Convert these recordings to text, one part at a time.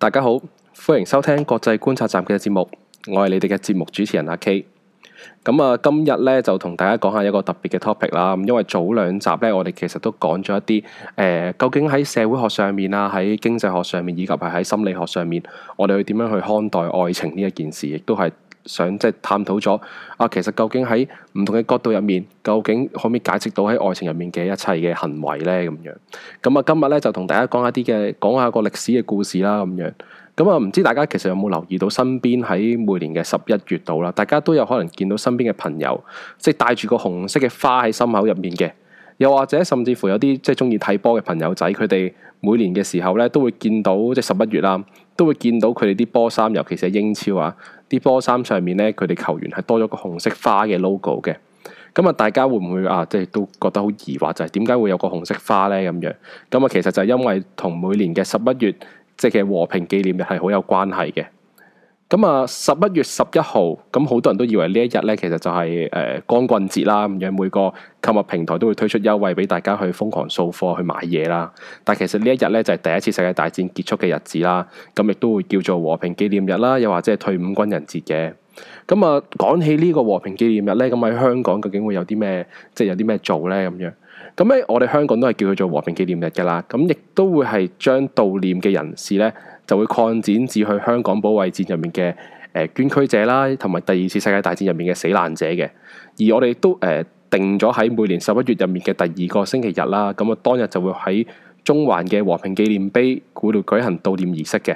大家好，歡迎收聽國際觀察站嘅節目，我係你哋嘅節目主持人阿 K。咁啊，今日咧，就同大家講下一個特別嘅 topic 啦。咁因為早兩集咧，我哋其實都講咗一啲誒，究竟喺社會學上面啊，喺經濟學上面，以及係喺心理學上面，我哋去點樣去看待愛情呢一件事，亦都係。想即係探討咗啊，其實究竟喺唔同嘅角度入面，究竟可唔可以解釋到喺愛情入面嘅一切嘅行為呢？咁樣咁啊，今日咧就同大家講下啲嘅，講下個歷史嘅故事啦，咁樣咁啊，唔知大家其實有冇留意到身邊喺每年嘅十一月度啦，大家都有可能見到身邊嘅朋友，即係戴住個紅色嘅花喺心口入面嘅。又或者甚至乎有啲即係中意睇波嘅朋友仔，佢哋每年嘅時候咧，都會見到即係十一月啦，都會見到佢哋啲波衫，尤其是係英超啊啲波衫上面咧，佢哋球員係多咗個紅色花嘅 logo 嘅。咁啊，大家會唔會啊，即係都覺得好疑惑就係點解會有個紅色花咧咁樣？咁啊，其實就係因為同每年嘅十一月即係和平紀念日係好有關係嘅。咁啊，十一月十一號，咁好多人都以為呢一日咧，其實就係誒、呃、光棍節啦，咁樣每個購物平台都會推出優惠俾大家去瘋狂掃貨去買嘢啦。但其實呢一日咧，就係第一次世界大戰結束嘅日子啦。咁亦都會叫做和平紀念日啦，又或者係退伍軍人節嘅。咁啊，講起呢個和平紀念日咧，咁喺香港究竟會有啲咩，即係有啲咩做咧？咁樣，咁咧，我哋香港都係叫佢做和平紀念日噶啦。咁亦都會係將悼念嘅人士咧，就會擴展至去香港保衛戰入面嘅誒捐軀者啦，同埋第二次世界大戰入面嘅死難者嘅。而我哋都誒定咗喺每年十一月入面嘅第二個星期日啦，咁啊當日就會喺中環嘅和平紀念碑嗰度舉行悼念儀式嘅。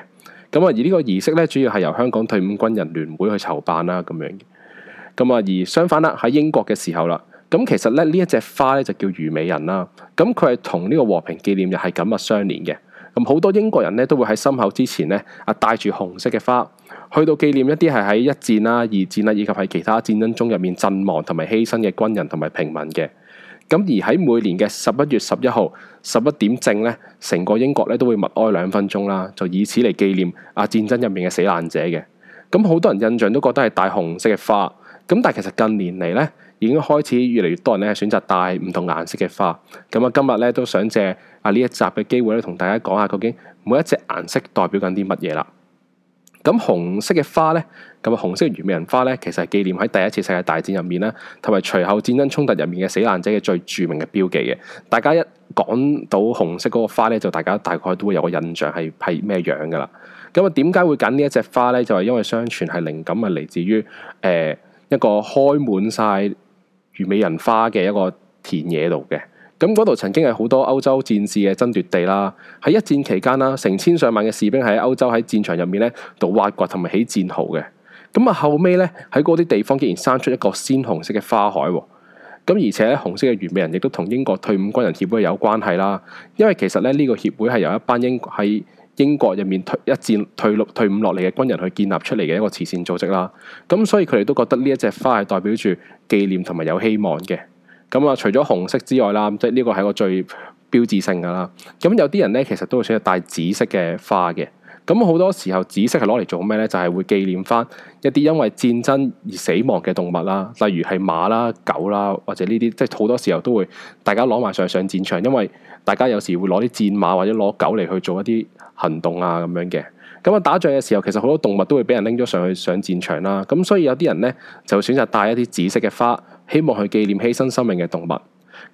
咁啊而呢個儀式咧，主要係由香港退伍軍人聯會去籌辦啦，咁樣嘅。咁啊而相反啦，喺英國嘅時候啦，咁其實咧呢一隻花咧就叫虞美人啦，咁佢係同呢個和平紀念日係緊密相連嘅。咁好多英國人咧都會喺心口之前咧啊帶住紅色嘅花去到紀念一啲係喺一戰啦、二戰啦，以及喺其他戰爭中入面陣亡同埋犧牲嘅軍人同埋平民嘅。咁而喺每年嘅十一月十一號十一點正咧，成個英國咧都會默哀兩分鐘啦，就以此嚟紀念啊戰爭入面嘅死難者嘅。咁好多人印象都覺得係大紅色嘅花，咁但係其實近年嚟咧。已經開始越嚟越多人咧係選擇戴唔同顏色嘅花，咁啊今日咧都想借啊呢一集嘅機會咧，同大家講下究竟每一隻顏色代表緊啲乜嘢啦。咁、嗯、紅色嘅花呢，咁啊紅色嘅虞美人花呢，其實係紀念喺第一次世界大戰入面啦，同埋隨後戰爭衝突入面嘅死難者嘅最著名嘅標記嘅。大家一講到紅色嗰個花呢，就大家大概都會有個印象係係咩樣噶啦。咁啊點解會揀呢一隻花呢，就係、是、因為相傳係靈感係嚟自於誒、呃、一個開滿晒。虞美人花嘅一個田野度嘅，咁嗰度曾經係好多歐洲戰士嘅爭奪地啦。喺一戰期間啦，成千上萬嘅士兵喺歐洲喺戰場入面咧，度挖掘同埋起戰壕嘅。咁啊，後尾咧喺嗰啲地方，竟然生出一個鮮紅色嘅花海。咁而且紅色嘅虞美人亦都同英國退伍軍人協會有關係啦。因為其實咧呢、呢個協會係由一班英喺。英國入面退一戰退退五落嚟嘅軍人去建立出嚟嘅一個慈善組織啦，咁所以佢哋都覺得呢一隻花係代表住紀念同埋有希望嘅，咁啊除咗紅色之外啦，即係呢個係一個最標誌性㗎喇。咁有啲人呢，其實都會選擇戴紫色嘅花嘅，咁好多時候紫色係攞嚟做咩呢？就係、是、會紀念返一啲因為戰爭而死亡嘅動物啦，例如係馬啦、狗啦，或者呢啲即係好多時候都會大家攞埋上去上戰場，因為。大家有時會攞啲戰馬或者攞狗嚟去做一啲行動啊咁樣嘅，咁啊打仗嘅時候其實好多動物都會俾人拎咗上去上戰場啦，咁所以有啲人呢，就選擇帶一啲紫色嘅花，希望去紀念犧牲生命嘅動物。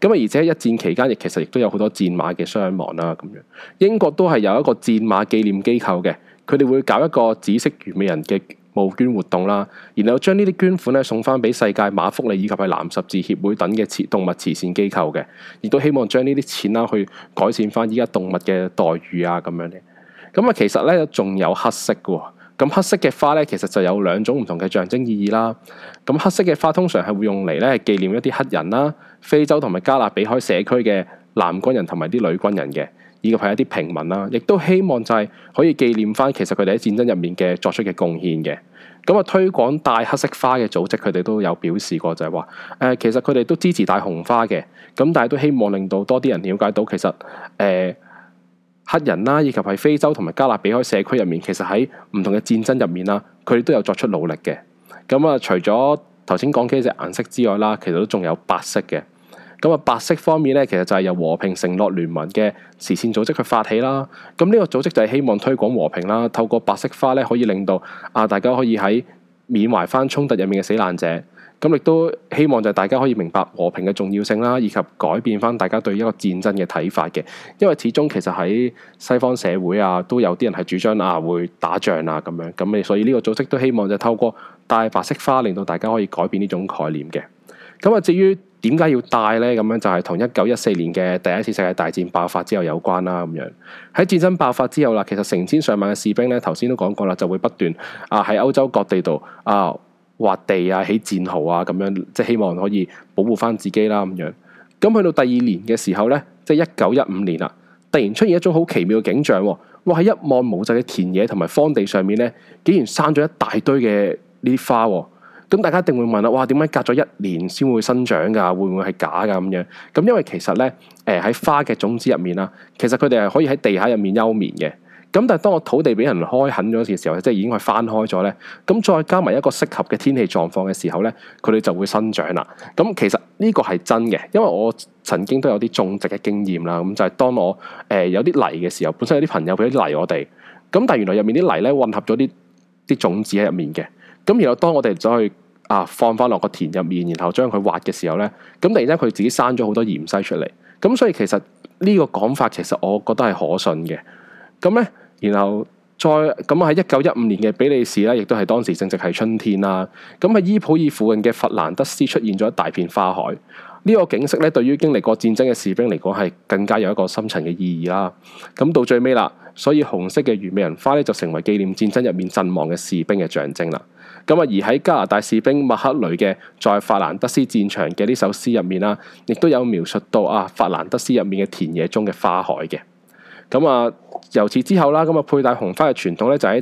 咁啊，而且一戰期間亦其實亦都有好多戰馬嘅傷亡啦、啊、咁樣。英國都係有一個戰馬紀念機構嘅，佢哋會搞一個紫色虞美人嘅募捐活動啦，然後將呢啲捐款咧送翻俾世界馬福利以及係藍十字協會等嘅慈動物慈善機構嘅，亦都希望將呢啲錢啦去改善翻依家動物嘅待遇啊咁樣嘅。咁啊，其實咧仲有黑色嘅喎，咁黑色嘅花咧其實就有兩種唔同嘅象徵意義啦。咁黑色嘅花通常係會用嚟咧紀念一啲黑人啦、非洲同埋加勒比海社區嘅男軍人同埋啲女軍人嘅，以及係一啲平民啦，亦都希望就係可以紀念翻其實佢哋喺戰爭入面嘅作出嘅貢獻嘅。咁啊，推廣戴黑色花嘅組織，佢哋都有表示過就，就係話，誒，其實佢哋都支持戴紅花嘅，咁但係都希望令到多啲人了解到，其實誒、呃、黑人啦，以及喺非洲同埋加勒比海社區入面，其實喺唔同嘅戰爭入面啦，佢哋都有作出努力嘅。咁、嗯、啊，除咗頭先講嘅一隻顏色之外啦，其實都仲有白色嘅。咁啊，白色方面咧，其實就係由和平承諾聯盟嘅慈善組織去發起啦。咁呢個組織就係希望推廣和平啦，透過白色花咧，可以令到啊大家可以喺緬懷翻衝突入面嘅死難者。咁亦都希望就係大家可以明白和平嘅重要性啦，以及改變翻大家對於一個戰爭嘅睇法嘅。因為始終其實喺西方社會啊，都有啲人係主張啊會打仗啊咁樣。咁你所以呢個組織都希望就透過戴白色花，令到大家可以改變呢種概念嘅。咁啊，至於點解要帶呢？咁樣就係同一九一四年嘅第一次世界大戰爆發之後有關啦。咁樣喺戰爭爆發之後啦，其實成千上萬嘅士兵咧，頭先都講過啦，就會不斷啊喺歐洲各地度啊挖地啊起戰壕啊咁樣，即係希望可以保護翻自己啦。咁樣咁去到第二年嘅時候呢，即係一九一五年啦，突然出現一種好奇妙嘅景象喎，喺一望無際嘅田野同埋荒地上面呢，竟然生咗一大堆嘅呢啲花。咁大家一定會問啦，哇點解隔咗一年先會生長噶？會唔會係假噶咁樣？咁因為其實咧，誒、呃、喺花嘅種子入面啦，其實佢哋係可以喺地下入面休眠嘅。咁但係當我土地俾人開墾咗嘅時候，即係已經係翻開咗咧。咁再加埋一個適合嘅天氣狀況嘅時候咧，佢哋就會生長啦。咁其實呢個係真嘅，因為我曾經都有啲種植嘅經驗啦。咁就係當我誒有啲泥嘅時候，本身有啲朋友俾啲泥我哋。咁但係原來入面啲泥咧，混合咗啲啲種子喺入面嘅。咁然後當我哋走去啊放翻落個田入面，然後將佢挖嘅時候呢，咁突然之間佢自己生咗好多芫荽出嚟，咁所以其實呢個講法其實我覺得係可信嘅。咁呢，然後再咁喺一九一五年嘅比利時呢，亦都係當時正值係春天啦。咁喺伊普爾附近嘅佛蘭德斯出現咗一大片花海，呢、這個景色呢，對於經歷過戰爭嘅士兵嚟講係更加有一個深層嘅意義啦。咁到最尾啦。所以紅色嘅虞美人花咧就成為紀念戰爭入面陣亡嘅士兵嘅象徵啦。咁啊，而喺加拿大士兵麥克雷嘅在法蘭德斯戰場嘅呢首詩入面啦，亦都有描述到啊法蘭德斯入面嘅田野中嘅花海嘅。咁啊，由此之後啦，咁啊佩戴紅花嘅傳統咧就喺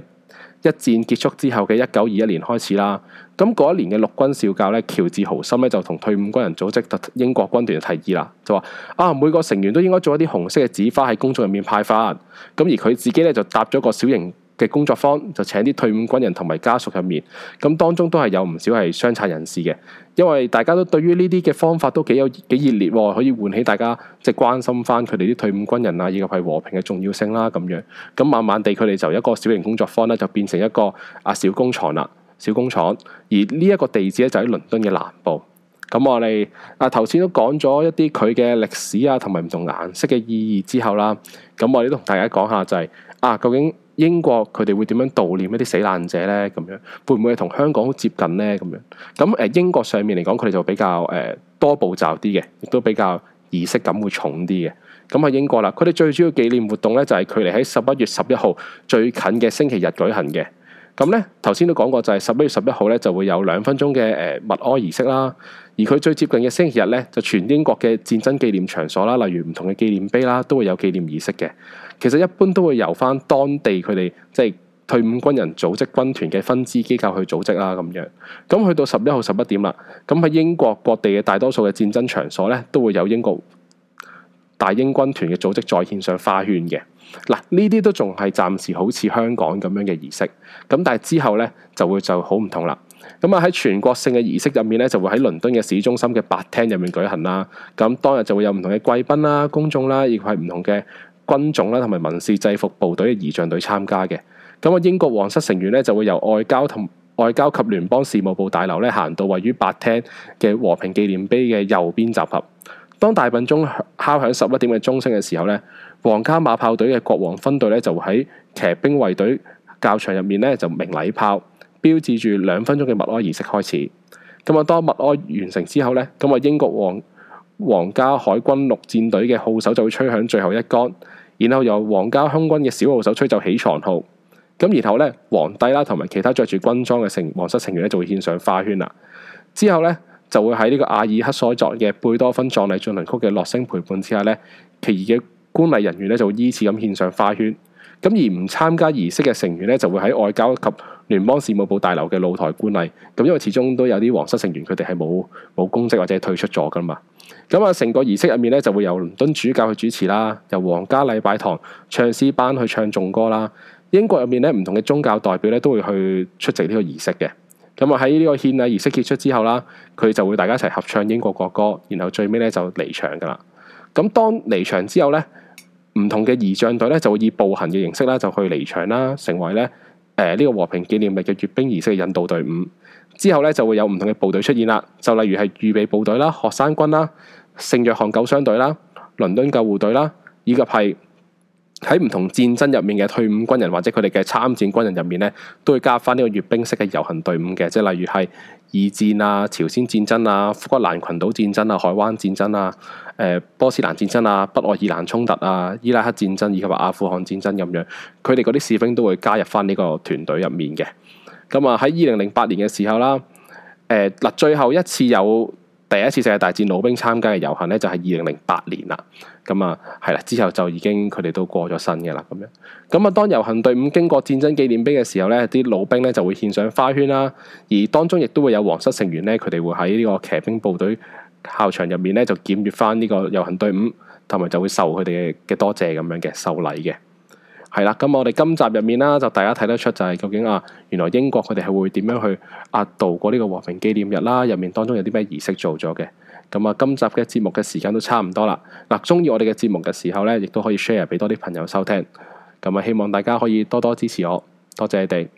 一戰結束之後嘅一九二一年開始啦。咁嗰一年嘅陸軍少校咧，喬治豪森咧就同退伍軍人組織英國軍團嘅提議啦，就話啊每個成員都應該做一啲紅色嘅紙花喺工作入面派發。咁而佢自己咧就搭咗個小型嘅工作坊，就請啲退伍軍人同埋家屬入面。咁當中都係有唔少係傷殘人士嘅，因為大家都對於呢啲嘅方法都幾有幾熱烈，可以喚起大家即係、就是、關心翻佢哋啲退伍軍人啊，以及係和平嘅重要性啦咁樣。咁慢慢地，佢哋就一個小型工作坊咧，就變成一個啊小工廠啦。小工廠，而呢一個地址咧就喺、是、倫敦嘅南部。咁我哋啊頭先都講咗一啲佢嘅歷史啊，同埋唔同顏色嘅意義之後啦。咁我哋都同大家講下就係、是、啊，究竟英國佢哋會點樣悼念一啲死難者呢？咁樣會唔會同香港好接近呢？咁樣咁誒、啊、英國上面嚟講，佢哋就比較誒、啊、多步驟啲嘅，亦都比較儀式感會重啲嘅。咁喺英國啦，佢哋最主要紀念活動呢，就係、是、距離喺十一月十一號最近嘅星期日舉行嘅。咁咧，頭先都講過，就係十一月十一號咧，就會有兩分鐘嘅誒默哀儀式啦。而佢最接近嘅星期日咧，就全英國嘅戰爭紀念場所啦，例如唔同嘅紀念碑啦，都會有紀念儀式嘅。其實一般都會由返當地佢哋即係退伍軍人組織軍團嘅分支機構去組織啦，咁樣。咁去到十一號十一點啦，咁喺英國各地嘅大多數嘅戰爭場所咧，都會有英國大英軍團嘅組織在獻上花圈嘅。嗱，呢啲都仲係暫時好似香港咁樣嘅儀式，咁但係之後呢就會就好唔同啦。咁啊喺全國性嘅儀式入面呢，就會喺倫敦嘅市中心嘅白廳入面舉行啦。咁當日就會有唔同嘅貴賓啦、公眾啦，亦係唔同嘅軍種啦同埋民事制服部隊嘅儀仗隊參加嘅。咁啊，英國皇室成員呢，就會由外交同外交及聯邦事務部大樓咧行到位於白廳嘅和平紀念碑嘅右邊集合。當大笨鐘敲響十一點嘅鐘聲嘅時候呢。皇家馬炮隊嘅國王分隊呢，就喺騎兵衛隊教場入面呢，就鳴禮炮，標誌住兩分鐘嘅默哀儀式開始。咁啊，當默哀完成之後呢，咁啊，英國王皇，皇家海軍陸戰隊嘅號手就會吹響最後一桿，然後由皇家空軍嘅小號手吹奏起床號。咁然後呢，皇帝啦，同埋其他着住軍裝嘅成皇室成員呢，就會獻上花圈啦。之後呢，就會喺呢個阿爾克所作嘅貝多芬葬禮進行曲嘅樂聲陪伴之下呢。其餘嘅。官禮人員咧就會依次咁獻上花圈，咁而唔參加儀式嘅成員咧就會喺外交及聯邦事務部大樓嘅露台觀禮。咁因為始終都有啲皇室成員佢哋係冇冇公職或者退出咗㗎嘛。咁啊，成個儀式入面咧就會由倫敦主教去主持啦，由皇家禮拜堂唱詩班去唱頌歌啦。英國入面咧唔同嘅宗教代表咧都會去出席呢個儀式嘅。咁啊喺呢個獻禮儀式結束之後啦，佢就會大家一齊合唱英國國歌，然後最尾咧就離場㗎啦。咁當離場之後咧。唔同嘅儀仗隊咧，就會以步行嘅形式啦，就去離場啦，成為咧誒呢、呃這個和平紀念日嘅閱兵儀式嘅引導隊伍。之後咧就會有唔同嘅部隊出現啦，就例如係預備部隊啦、學生軍啦、聖約翰救傷隊啦、倫敦救護隊啦，以及係喺唔同戰爭入面嘅退伍軍人或者佢哋嘅參戰軍人入面咧，都會加返呢個閱兵式嘅游行隊伍嘅，即係例如係。二戰啊、朝鮮戰爭啊、福克蘭群島戰爭啊、海灣戰爭啊、誒波斯蘭戰爭啊、北愛爾蘭衝突啊、伊拉克戰爭，以及話阿富汗戰爭咁樣，佢哋嗰啲士兵都會加入返呢個團隊入面嘅。咁啊喺二零零八年嘅時候啦，誒嗱最後一次有。第一次世界大戰老兵參加嘅遊行咧，就係二零零八年啦。咁啊，係啦，之後就已經佢哋都過咗身嘅啦。咁樣，咁啊，當遊行隊伍經過戰爭紀念碑嘅時候咧，啲老兵咧就會獻上花圈啦。而當中亦都會有皇室成員咧，佢哋會喺呢個騎兵部隊校場入面咧，就檢閱翻呢個遊行隊伍，同埋就會受佢哋嘅多謝咁樣嘅受禮嘅。係啦，咁我哋今集入面啦，就大家睇得出就係究竟啊，原來英國佢哋係會點樣去啊度過呢個和平紀念日啦？入面當中有啲咩儀式做咗嘅。咁、嗯、啊，今集嘅節目嘅時間都差唔多啦。嗱、啊，中意我哋嘅節目嘅時候呢，亦都可以 share 俾多啲朋友收聽。咁、嗯、啊，希望大家可以多多支持我，多謝你哋。